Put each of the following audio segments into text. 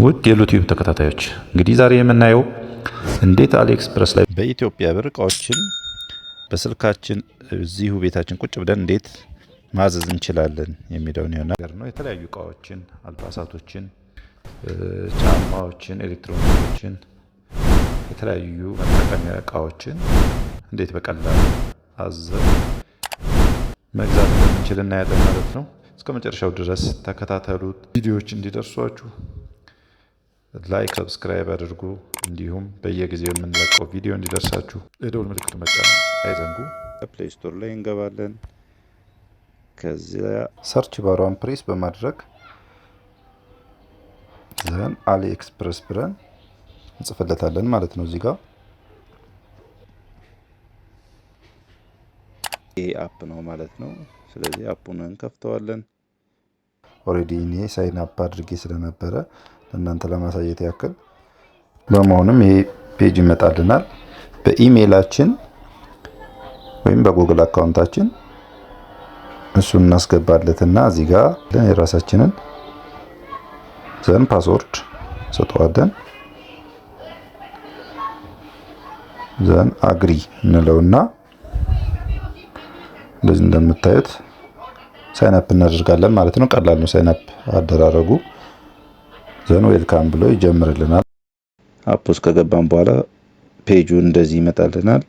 ውድ የዩቲዩብ ተከታታዮች እንግዲህ ዛሬ የምናየው እንዴት አሊኤክስፕረስ ላይ በኢትዮጵያ ብር እቃዎችን በስልካችን እዚሁ ቤታችን ቁጭ ብለን እንዴት ማዘዝ እንችላለን የሚለውን ነገር ነው። የተለያዩ እቃዎችን፣ አልባሳቶችን፣ ጫማዎችን፣ ኤሌክትሮኒኮችን፣ የተለያዩ መጠቀሚያ እቃዎችን እንዴት በቀላል አዘን መግዛት እንደምንችል እናያለን ማለት ነው። እስከ መጨረሻው ድረስ ተከታተሉት። ቪዲዮዎች እንዲደርሷችሁ ላይክ፣ ሰብስክራይብ አድርጉ። እንዲሁም በየጊዜው የምንለቀው ቪዲዮ እንዲደርሳችሁ የደውል ምልክቱ መጫን አይዘንጉ። ፕሌይ ስቶር ላይ እንገባለን። ከዚያ ሰርች ባሯን ፕሬስ በማድረግ ዘን አሊ ኤክስፕረስ ብለን እንጽፍለታለን ማለት ነው። እዚህ ጋር ይሄ አፕ ነው ማለት ነው። ስለዚህ አፑን እንከፍተዋለን። ኦልሬዲ እኔ ሳይን አፕ አድርጌ ስለነበረ እናንተ ለማሳየት ያክል በመሆኑም ይሄ ፔጅ ይመጣልናል። በኢሜይላችን ወይም በጎግል አካውንታችን እሱን እናስገባለትና እዚህ ጋር የራሳችንን ዘን ፓስወርድ ሰጠዋለን። ዘን አግሪ እንለውና እንደዚህ እንደምታዩት ሳይን አፕ እናደርጋለን ማለት ነው። ቀላል ነው ሳይን አፕ አደራረጉ። ዘን ዌልካም ብሎ ይጀምርልናል። አፕ ውስጥ ከገባን በኋላ ፔጁ እንደዚህ ይመጣልናል።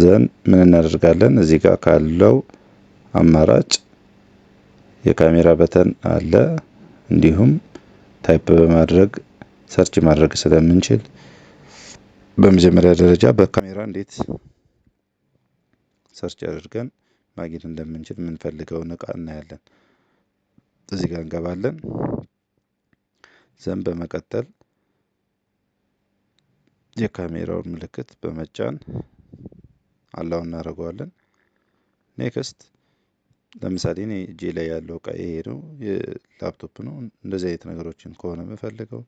ዘን ምን እናደርጋለን? እዚህ ጋር ካለው አማራጭ የካሜራ በተን አለ። እንዲሁም ታይፕ በማድረግ ሰርች ማድረግ ስለምንችል በመጀመሪያ ደረጃ በካሜራ እንዴት ሰርች አድርገን ማግኘት እንደምንችል የምንፈልገውን እቃ እናያለን። እዚህ ጋር እንገባለን። ዘን በመቀጠል የካሜራውን ምልክት በመጫን አላው እናደርገዋለን። ኔክስት ለምሳሌ እኔ እጄ ላይ ያለው እቃ ይሄ ነው፣ የላፕቶፕ ነው። እንደዚህ አይነት ነገሮችን ከሆነ የምፈልገው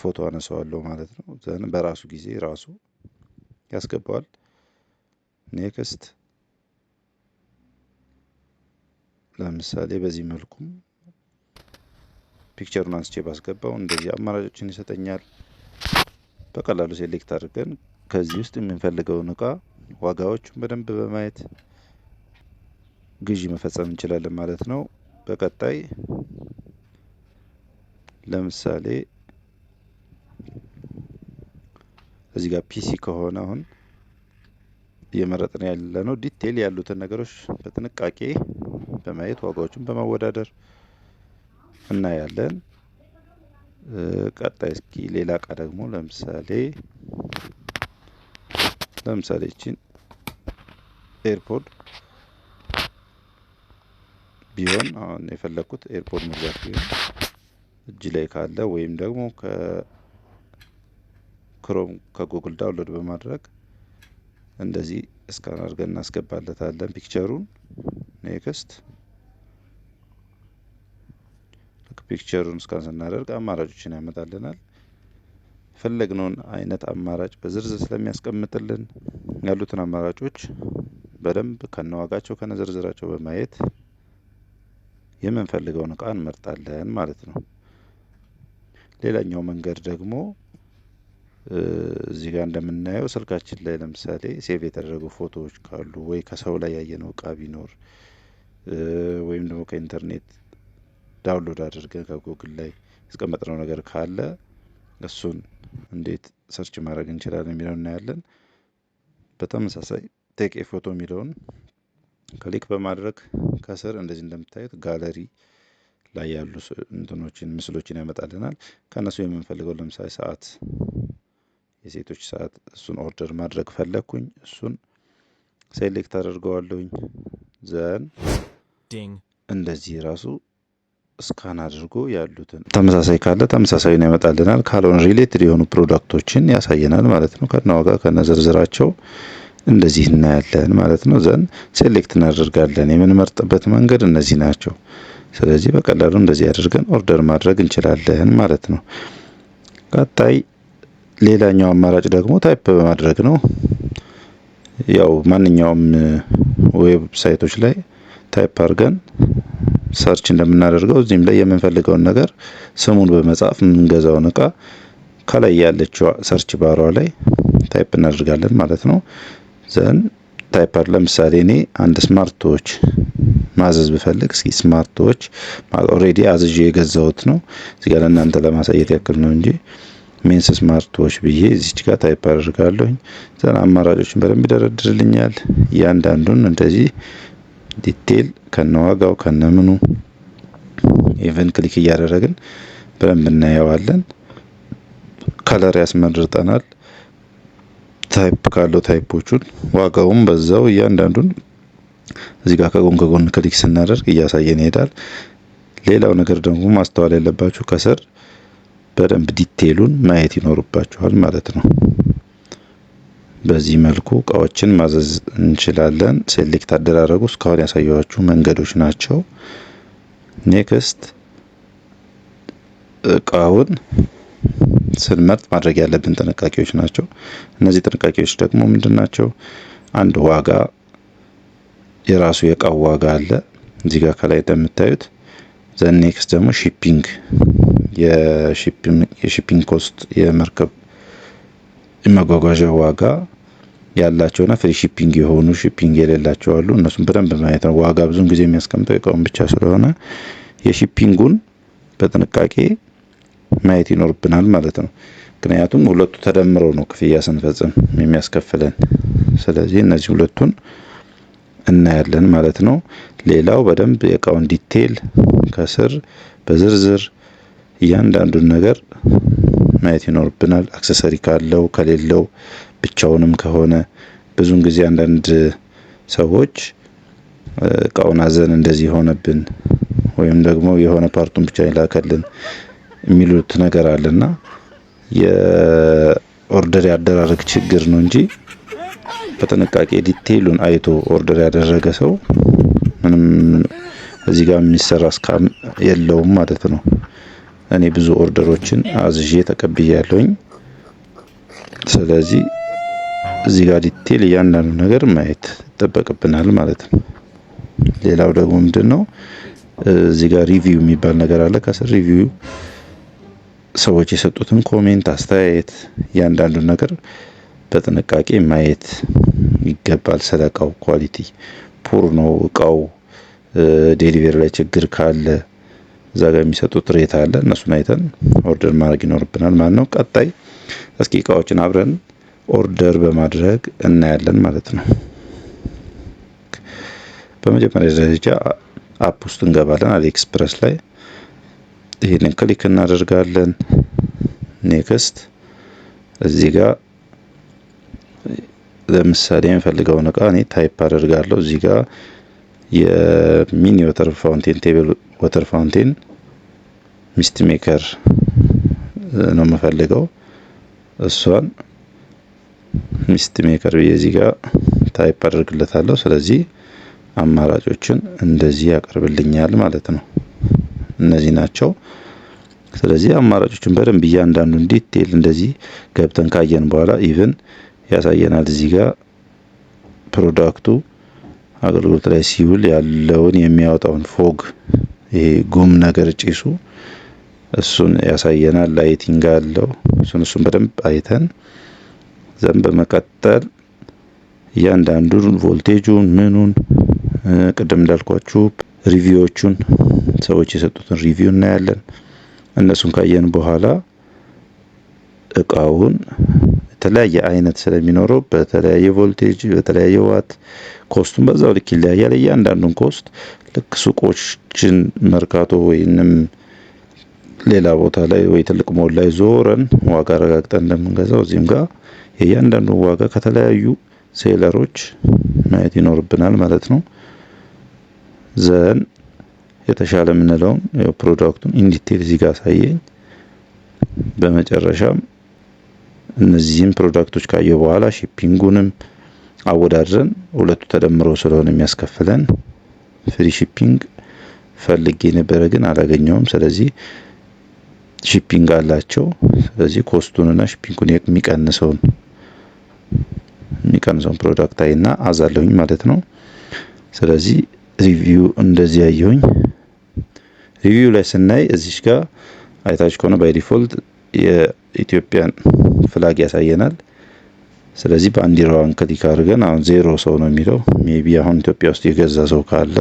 ፎቶ አነሳዋለሁ ማለት ነው። ዘን በራሱ ጊዜ ራሱ ያስገባዋል። ኔክስት ለምሳሌ በዚህ መልኩ ፒክቸሩን አንስቼ ባስገባው እንደዚህ አማራጮችን ይሰጠኛል። በቀላሉ ሴሌክት አድርገን ከዚህ ውስጥ የምንፈልገውን እቃ ዋጋዎቹን በደንብ በማየት ግዢ መፈጸም እንችላለን ማለት ነው። በቀጣይ ለምሳሌ እዚህ ጋር ፒሲ ከሆነ አሁን እየመረጥን ያለ ነው ዲቴል ያሉትን ነገሮች በጥንቃቄ በማየት ዋጋዎችን በማወዳደር እናያለን። ቀጣይ እስኪ ሌላ እቃ ደግሞ ለምሳሌ ለምሳሌ ይችን ኤርፖድ ቢሆን አሁን የፈለግኩት ኤርፖድ መግዛት ቢሆን እጅ ላይ ካለ ወይም ደግሞ ከክሮም ከጉግል ዳውንሎድ በማድረግ እንደዚህ እስካን አድርገን እናስገባለታለን ፒክቸሩን ኔክስት ፒክቸሩን እስካን ስናደርግ አማራጮችን ያመጣልናል። ፈለግነውን አይነት አማራጭ በዝርዝር ስለሚያስቀምጥልን ያሉትን አማራጮች በደንብ ከነዋጋቸው ከነዝርዝራቸው በማየት የምንፈልገውን እቃ እንመርጣለን ማለት ነው። ሌላኛው መንገድ ደግሞ እዚህ ጋር እንደምናየው ስልካችን ላይ ለምሳሌ ሴቭ የተደረጉ ፎቶዎች ካሉ ወይ ከሰው ላይ ያየነው እቃ ቢኖር ወይም ደግሞ ከኢንተርኔት ዳውንሎድ አድርገን ከጉግል ላይ ያስቀመጥነው ነገር ካለ እሱን እንዴት ሰርች ማድረግ እንችላለን የሚለው እናያለን። በተመሳሳይ ቴክ ፎቶ የሚለውን ክሊክ በማድረግ ከስር እንደዚህ እንደምታዩት ጋለሪ ላይ ያሉ እንትኖችን ምስሎችን ያመጣልናል። ከእነሱ የምንፈልገው ለምሳሌ ሰዓት፣ የሴቶች ሰዓት እሱን ኦርደር ማድረግ ፈለግኩኝ። እሱን ሴሌክት አደርገዋለሁኝ ዘን እንደዚህ ራሱ ስካን አድርጎ ያሉትን ተመሳሳይ ካለ ተመሳሳዩን ያመጣልናል። ካልሆነ ሪሌትድ የሆኑ ፕሮዳክቶችን ያሳየናል ማለት ነው። ከነ ዋጋ ከነ ዝርዝራቸው እንደዚህ እናያለን ማለት ነው። ዘን ሴሌክት እናደርጋለን። የምንመርጥበት መንገድ እነዚህ ናቸው። ስለዚህ በቀላሉ እንደዚህ አድርገን ኦርደር ማድረግ እንችላለን ማለት ነው። ቀጣይ ሌላኛው አማራጭ ደግሞ ታይፕ በማድረግ ነው። ያው ማንኛውም ዌብሳይቶች ላይ ታይፕ አድርገን ሰርች እንደምናደርገው እዚህም ላይ የምንፈልገውን ነገር ስሙን በመጻፍ የምንገዛውን እቃ ከላይ ያለችው ሰርች ባሯ ላይ ታይፕ እናደርጋለን ማለት ነው። ዘን ታይፕ ለምሳሌ እኔ አንድ ስማርቶች ማዘዝ ብፈልግ እስኪ ስማርቶች ኦሬዲ አዝዤ የገዛሁት ነው እዚህ ጋር ለእናንተ ለማሳየት ያክል ነው እንጂ ሜንስ ስማርቶች ብዬ እዚች ጋር ታይፕ አደርጋለሁኝ። ዘን አማራጮችን በደንብ ይደረድርልኛል። እያንዳንዱን እንደዚህ ዲቴል ከነዋጋው ከነምኑ ኢቨን ክሊክ እያደረግን በደንብ እናየዋለን። ከለር ያስመርጠናል። ታይፕ ካለው ታይፖቹን ዋጋውም በዛው እያንዳንዱን እዚህ ጋር ከጎን ከጎን ክሊክ ስናደርግ እያሳየን ይሄዳል። ሌላው ነገር ደግሞ ማስተዋል ያለባችሁ ከስር በደንብ ዲቴሉን ማየት ይኖርባችኋል ማለት ነው። በዚህ መልኩ እቃዎችን ማዘዝ እንችላለን። ሴሌክት አደራረጉ እስካሁን ያሳየኋችሁ መንገዶች ናቸው። ኔክስት እቃውን ስንመርጥ ማድረግ ያለብን ጥንቃቄዎች ናቸው። እነዚህ ጥንቃቄዎች ደግሞ ምንድን ናቸው? አንድ ዋጋ የራሱ የእቃው ዋጋ አለ እዚህ ጋር ከላይ እንደምታዩት። ዘን ኔክስት ደግሞ ሺፒንግ የሺፒንግ ኮስት የመርከብ የመጓጓዣ ዋጋ ያላቸውና ፍሪ ሺፒንግ የሆኑ ሺፒንግ የሌላቸው አሉ። እነሱም በደንብ ማየት ነው። ዋጋ ብዙን ጊዜ የሚያስቀምጠው እቃውን ብቻ ስለሆነ የሺፒንጉን በጥንቃቄ ማየት ይኖርብናል ማለት ነው። ምክንያቱም ሁለቱ ተደምረው ነው ክፍያ ስንፈጽም የሚያስከፍለን። ስለዚህ እነዚህ ሁለቱን እናያለን ማለት ነው። ሌላው በደንብ የእቃውን ዲቴይል ከስር በዝርዝር እያንዳንዱን ነገር ማየት ይኖርብናል። አክሰሰሪ ካለው ከሌለው ብቻውንም ከሆነ ብዙን ጊዜ አንዳንድ ሰዎች እቃውን አዘን እንደዚህ የሆነብን ወይም ደግሞ የሆነ ፓርቱን ብቻ ይላከልን የሚሉት ነገር አለና የኦርደር ያደራረግ ችግር ነው እንጂ በጥንቃቄ ዲቴይሉን አይቶ ኦርደር ያደረገ ሰው ምንም እዚህ ጋር የሚሰራ እስካም የለውም ማለት ነው። እኔ ብዙ ኦርደሮችን አዝዤ ተቀብያለሁኝ። ስለዚህ እዚህ ጋር ዲቴል እያንዳንዱ ነገር ማየት ይጠበቅብናል ማለት ነው። ሌላው ደግሞ ምንድን ነው እዚህ ጋር ሪቪው የሚባል ነገር አለ። ከስር ሪቪው ሰዎች የሰጡትን ኮሜንት፣ አስተያየት እያንዳንዱን ነገር በጥንቃቄ ማየት ይገባል። ስለ እቃው ኳሊቲ ፑር ነው እቃው ዴሊቨሪ ላይ ችግር ካለ እዛ ጋር የሚሰጡት ሬት አለ። እነሱን አይተን ኦርደር ማድረግ ይኖርብናል ማለት ነው። ቀጣይ እስኪ እቃዎችን አብረን ኦርደር በማድረግ እናያለን ማለት ነው። በመጀመሪያ ደረጃ አፕ ውስጥ እንገባለን። አሊኤክስፕረስ ኤክስፕረስ ላይ ይህንን ክሊክ እናደርጋለን። ኔክስት እዚህ ጋር ለምሳሌ የሚፈልገውን እቃ እኔ ታይፕ አደርጋለሁ። እዚህ ጋር የሚኒ ወተር ፋውንቴን ቴብል ወተር ፋውንቴን ሚስት ሜከር ነው የምፈልገው እሷን ሚስት ሜከር ብዬ እዚህ ጋር ታይፕ አደርግለታለሁ። ስለዚህ አማራጮችን እንደዚህ ያቀርብልኛል ማለት ነው። እነዚህ ናቸው። ስለዚህ አማራጮችን በደንብ እያንዳንዱን ዲቴል እንደዚህ ገብተን ካየን በኋላ ኢቭን ያሳየናል። እዚህ ጋር ፕሮዳክቱ አገልግሎት ላይ ሲውል ያለውን የሚያወጣውን ፎግ፣ ይሄ ጉም ነገር ጭሱ እሱን ያሳየናል። ላይቲንግ አለው። እሱን እሱን በደንብ አይተን ዘን በመቀጠል እያንዳንዱን ቮልቴጁን ምኑን ቅድም እንዳልኳችሁ ሪቪዎቹን ሰዎች የሰጡትን ሪቪው እናያለን። እነሱን ካየን በኋላ እቃውን የተለያየ አይነት ስለሚኖረው በተለያየ ቮልቴጅ በተለያየ ዋት ኮስቱን በዛው ልክ ይለያያል። እያንዳንዱን ኮስት ልክ ሱቆችን መርካቶ ወይንም ሌላ ቦታ ላይ ወይ ትልቅ ሞል ላይ ዞረን ዋጋ አረጋግጠን እንደምንገዛው እዚህም ጋር የእያንዳንዱን ዋጋ ከተለያዩ ሴለሮች ማየት ይኖርብናል ማለት ነው። ዘን የተሻለ የምንለውን ፕሮዳክቱን ኢንዲቴል እዚህ ጋር አሳየኝ። በመጨረሻም እነዚህም ፕሮዳክቶች ካየ በኋላ ሺፒንጉንም አወዳድረን ሁለቱ ተደምሮ ስለሆነ የሚያስከፍለን ፍሪ ሺፒንግ ፈልጌ ነበረ ግን አላገኘውም። ስለዚህ ሺፒንግ አላቸው። ስለዚህ ኮስቱንና ሺፒንጉን የሚቀንሰውን የሚቀንሰውን ፕሮዳክት አይና አዛለሁኝ ማለት ነው። ስለዚህ ሪቪው እንደዚህ ያየሁኝ ሪቪው ላይ ስናይ እዚሽ ጋር አይታች ከሆነ ባይ ዲፎልት የኢትዮጵያን ፍላግ ያሳየናል። ስለዚህ ባንዲራዋን ክሊክ አድርገን አሁን ዜሮ ሰው ነው የሚለው ሜቢ አሁን ኢትዮጵያ ውስጥ የገዛ ሰው ካለ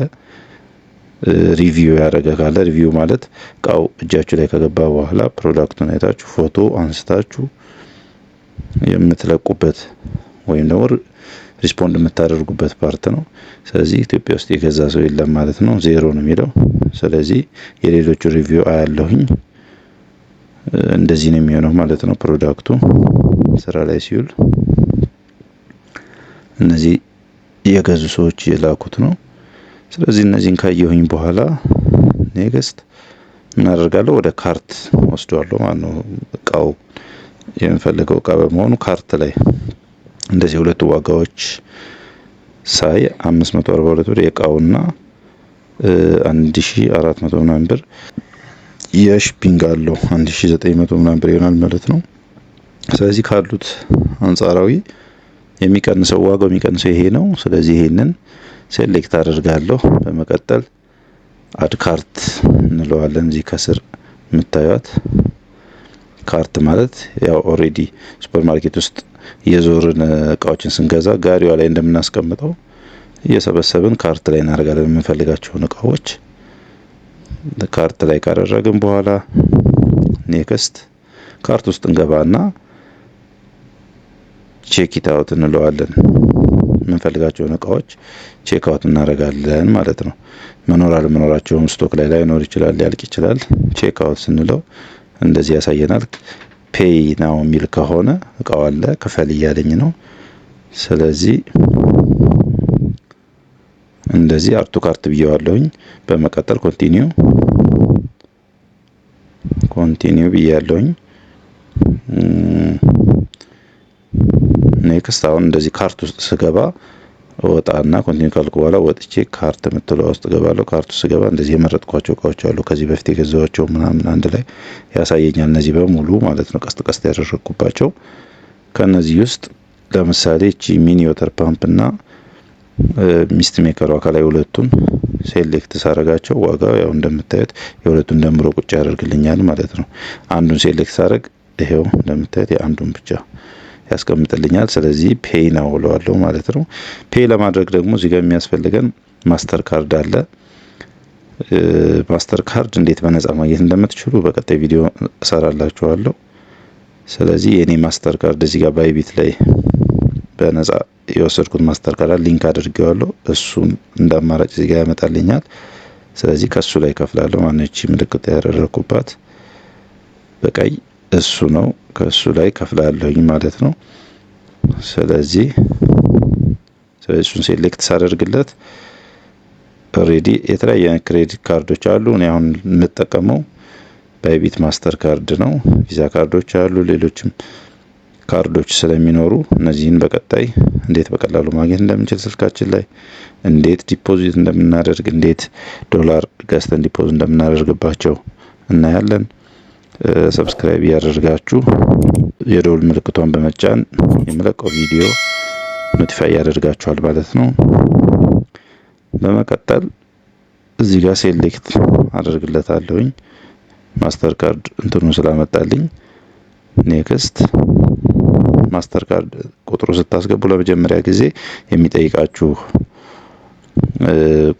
ሪቪው ያደረገ ካለ ሪቪው ማለት እቃው እጃችሁ ላይ ከገባ በኋላ ፕሮዳክቱን አይታችሁ ፎቶ አንስታችሁ የምትለቁበት ወይም ደግሞ ሪስፖንድ የምታደርጉበት ፓርት ነው። ስለዚህ ኢትዮጵያ ውስጥ የገዛ ሰው የለም ማለት ነው፣ ዜሮ ነው የሚለው። ስለዚህ የሌሎቹ ሪቪው አያለሁኝ። እንደዚህ ነው የሚሆነው ማለት ነው። ፕሮዳክቱ ስራ ላይ ሲውል እነዚህ የገዙ ሰዎች የላኩት ነው። ስለዚህ እነዚህን ካየሁኝ በኋላ ኔክስት ምን አደርጋለሁ? ወደ ካርት ወስደዋለሁ ማለት ነው። እቃው የምፈልገው እቃ በመሆኑ ካርት ላይ እንደዚህ ሁለቱ ዋጋዎች ሳይ 542 ብር የእቃውና 1400 ምናምን ብር የሽፒንግ አለው 1900 ምናምን ብር ይሆናል ማለት ነው። ስለዚህ ካሉት አንጻራዊ የሚቀንሰው ዋጋው የሚቀንሰው ይሄ ነው። ስለዚህ ይሄንን ሴሌክት አድርጋለሁ። በመቀጠል አድ ካርት እንለዋለን። እዚህ ከስር የምታዩት ካርት ማለት ያው ኦሬዲ ሱፐርማርኬት ውስጥ የዞርን እቃዎችን ስንገዛ ጋሪዋ ላይ እንደምናስቀምጠው እየሰበሰብን ካርት ላይ እናደርጋለን። የምንፈልጋቸውን እቃዎች ካርት ላይ ካደረግን በኋላ ኔክስት ካርት ውስጥ እንገባና ቼክ ኢት አውት እንለዋለን። የምንፈልጋቸውን እቃዎች ቼክ አውት እናደርጋለን ማለት ነው። መኖር አለመኖራቸውም ስቶክ ላይ ላይኖር ይችላል፣ ሊያልቅ ይችላል። ቼክ አውት ስንለው እንደዚህ ያሳየናል። ፔይ ነው የሚል ከሆነ እቃው አለ ክፈል እያለኝ ነው። ስለዚህ እንደዚህ አርቱ ካርት ብየዋለሁኝ። በመቀጠል ኮንቲኒው ኮንቲኒው ብያለሁኝ። ኔክስት አሁን እንደዚህ ካርት ውስጥ ስገባ ወጣና ኮንቲኒ ካልኩ በኋላ ወጥቼ ካርት የምትለው ውስጥ ገባለሁ። ካርቱ ስገባ እንደዚህ የመረጥኳቸው እቃዎች አሉ። ከዚህ በፊት የገዛኋቸው ምናምን አንድ ላይ ያሳየኛል። እነዚህ በሙሉ ማለት ነው ቀስት ቀስት ያደረግኩባቸው። ከእነዚህ ውስጥ ለምሳሌ እቺ ሚኒ ወተር ፓምፕ እና ሚስት ሜከሩ አካላዊ ሁለቱን ሴሌክት ሳረጋቸው ዋጋ ያው እንደምታዩት የሁለቱን ደምሮ ቁጭ ያደርግልኛል ማለት ነው። አንዱን ሴሌክት ሳረግ ይሄው እንደምታዩት የአንዱን ብቻ ያስቀምጥልኛል። ስለዚህ ፔይ ነው እለዋለሁ ማለት ነው። ፔይ ለማድረግ ደግሞ እዚህ ጋር የሚያስፈልገን ማስተር ካርድ አለ። ማስተር ካርድ እንዴት በነጻ ማግኘት እንደምትችሉ በቀጣይ ቪዲዮ እሰራላችኋለሁ። ስለዚህ የኔ ማስተር ካርድ እዚህ ጋር ባይቢት ላይ በነጻ የወሰድኩት ማስተር ካርድ ሊንክ አድርጌዋለሁ። እሱን እንደ አማራጭ እዚህ ጋር ያመጣልኛል። ስለዚህ ከሱ ላይ ከፍላለሁ። ማነች ምልክት ያደረግኩባት በቀይ እሱ ነው። ከእሱ ላይ ከፍላለሁኝ ማለት ነው። ስለዚህ ስለዚህ እሱን ሴሌክት ሳደርግለት ኦልሬዲ የተለያየ ክሬዲት ካርዶች አሉ። እኔ አሁን የምጠቀመው ባይቢት ማስተር ካርድ ነው። ቪዛ ካርዶች አሉ፣ ሌሎችም ካርዶች ስለሚኖሩ እነዚህን በቀጣይ እንዴት በቀላሉ ማግኘት እንደምንችል ስልካችን ላይ እንዴት ዲፖዚት እንደምናደርግ እንዴት ዶላር ገዝተን ዲፖዚት እንደምናደርግባቸው እናያለን። ሰብስክራይብ እያደረጋችሁ የደውል ምልክቷን በመጫን የምለቀው ቪዲዮ ኖቲፋይ ያደርጋችኋል ማለት ነው። በመቀጠል እዚህ ጋር ሴሌክት አደርግለታለሁኝ ማስተር ካርድ እንትኑ ስላመጣልኝ ኔክስት ማስተር ካርድ ቁጥሩ ስታስገቡ ለመጀመሪያ ጊዜ የሚጠይቃችሁ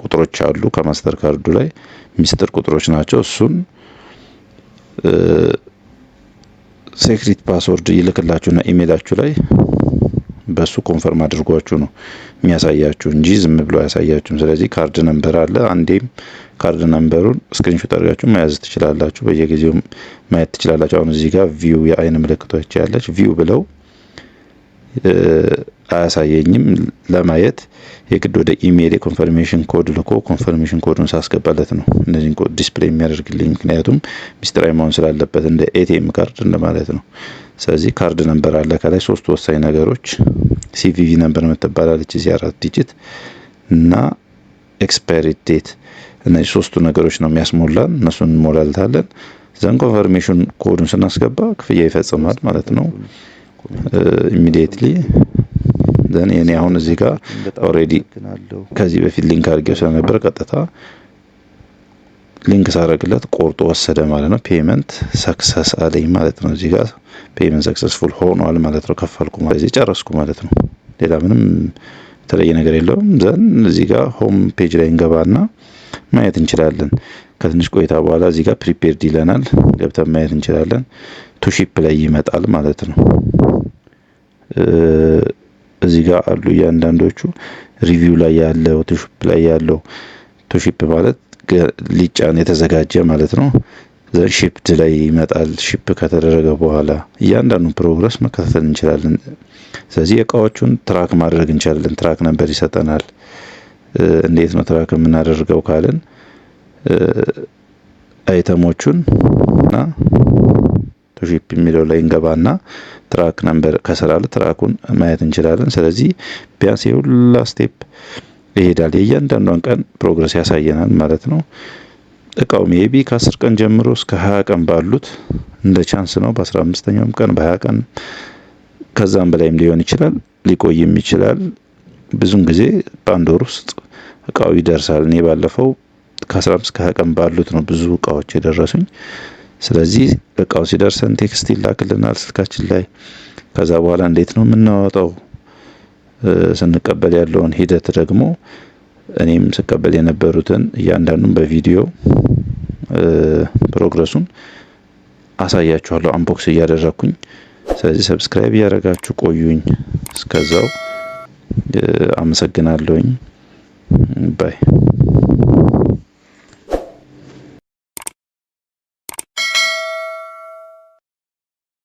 ቁጥሮች አሉ። ከማስተር ካርዱ ላይ ሚስጥር ቁጥሮች ናቸው። እሱን ሴክሪት ፓስወርድ ይልክላችሁና ኢሜላችሁ ላይ በሱ ኮንፈርም አድርጓችሁ ነው የሚያሳያችሁ እንጂ ዝም ብሎ አያሳያችሁም። ስለዚህ ካርድ ነምበር አለ። አንዴም ካርድ ነምበሩን ስክሪንሾት አድርጋችሁ መያዝ ትችላላችሁ። በየጊዜው ማየት ትችላላችሁ። አሁን እዚህ ጋር ቪው የአይን ምልክቶች ያለች ቪው ብለው አያሳየኝም። ለማየት የግድ ወደ ኢሜል የኮንፈርሜሽን ኮድ ልኮ ኮንፈርሜሽን ኮዱን ሳስገባለት ነው እነዚህን ኮድ ዲስፕሌይ የሚያደርግልኝ። ምክንያቱም ሚስጥራዊ መሆን ስላለበት እንደ ኤቲኤም ካርድ እንደማለት ነው። ስለዚህ ካርድ ነንበር አለ ከላይ ሶስት ወሳኝ ነገሮች ሲቪቪ ነንበር የምትባላለች እዚህ አራት ዲጂት እና ኤክስፓሪ ዴት እነዚህ ሶስቱ ነገሮች ነው የሚያስሞላን። እነሱን እንሞላልታለን። ዘን ኮንፈርሜሽን ኮዱን ስናስገባ ክፍያ ይፈጽማል ማለት ነው ኢሚዲየትሊ ደን እኔ አሁን እዚህ ጋር ኦሬዲ ከዚህ በፊት ሊንክ አድርጌው ስለነበር ቀጥታ ሊንክ ሳረግለት ቆርጦ ወሰደ ማለት ነው። ፔመንት ሰክሰስ አለኝ ማለት ነው። እዚህ ጋር ፔመንት ሰክሰስፉል ሆኗል ማለት ነው። ከፈልኩ ማለት እዚህ ጨረስኩ ማለት ነው። ሌላ ምንም የተለየ ነገር የለውም። ዘን እዚህ ጋር ሆም ፔጅ ላይ እንገባና ማየት እንችላለን። ከትንሽ ቆይታ በኋላ እዚህ ጋር ፕሪፔርድ ይለናል። ገብተን ማየት እንችላለን። ቱሺፕ ላይ ይመጣል ማለት ነው። እዚህ ጋር አሉ። እያንዳንዶቹ ሪቪው ላይ ያለው ቶሺፕ ላይ ያለው ቶሺፕ ማለት ሊጫን የተዘጋጀ ማለት ነው። ሺፕድ ላይ ይመጣል። ሺፕ ከተደረገ በኋላ እያንዳንዱ ፕሮግረስ መከታተል እንችላለን። ስለዚህ እቃዎቹን ትራክ ማድረግ እንችላለን። ትራክ ነበር ይሰጠናል። እንዴት ነው ትራክ የምናደርገው ካለን አይተሞቹን እና ቱሺፕ የሚለው ላይ እንገባና ትራክ ነምበር ከሰራለ ትራኩን ማየት እንችላለን። ስለዚህ ቢያንስ የሁላ ስቴፕ ይሄዳል። የእያንዳንዷን ቀን ፕሮግረስ ያሳየናል ማለት ነው። እቃው ሜቢ ከ10 ቀን ጀምሮ እስከ 20 ቀን ባሉት እንደ ቻንስ ነው። በ15ኛውም ቀን በ20 ቀን ከዛም በላይም ሊሆን ይችላል፣ ሊቆይም ይችላል። ብዙን ጊዜ በአንድ ወር ውስጥ እቃው ይደርሳል። እኔ ባለፈው ከ15 ከ20 ቀን ባሉት ነው ብዙ እቃዎች የደረሱኝ። ስለዚህ እቃው ሲደርሰን ቴክስት ይላክልናል ስልካችን ላይ። ከዛ በኋላ እንዴት ነው የምናወጣው? ስንቀበል ያለውን ሂደት ደግሞ እኔም ስቀበል የነበሩትን እያንዳንዱን በቪዲዮ ፕሮግረሱን አሳያችኋለሁ አንቦክስ እያደረግኩኝ። ስለዚህ ሰብስክራይብ እያደረጋችሁ ቆዩኝ። እስከዛው አመሰግናለሁኝ። ባይ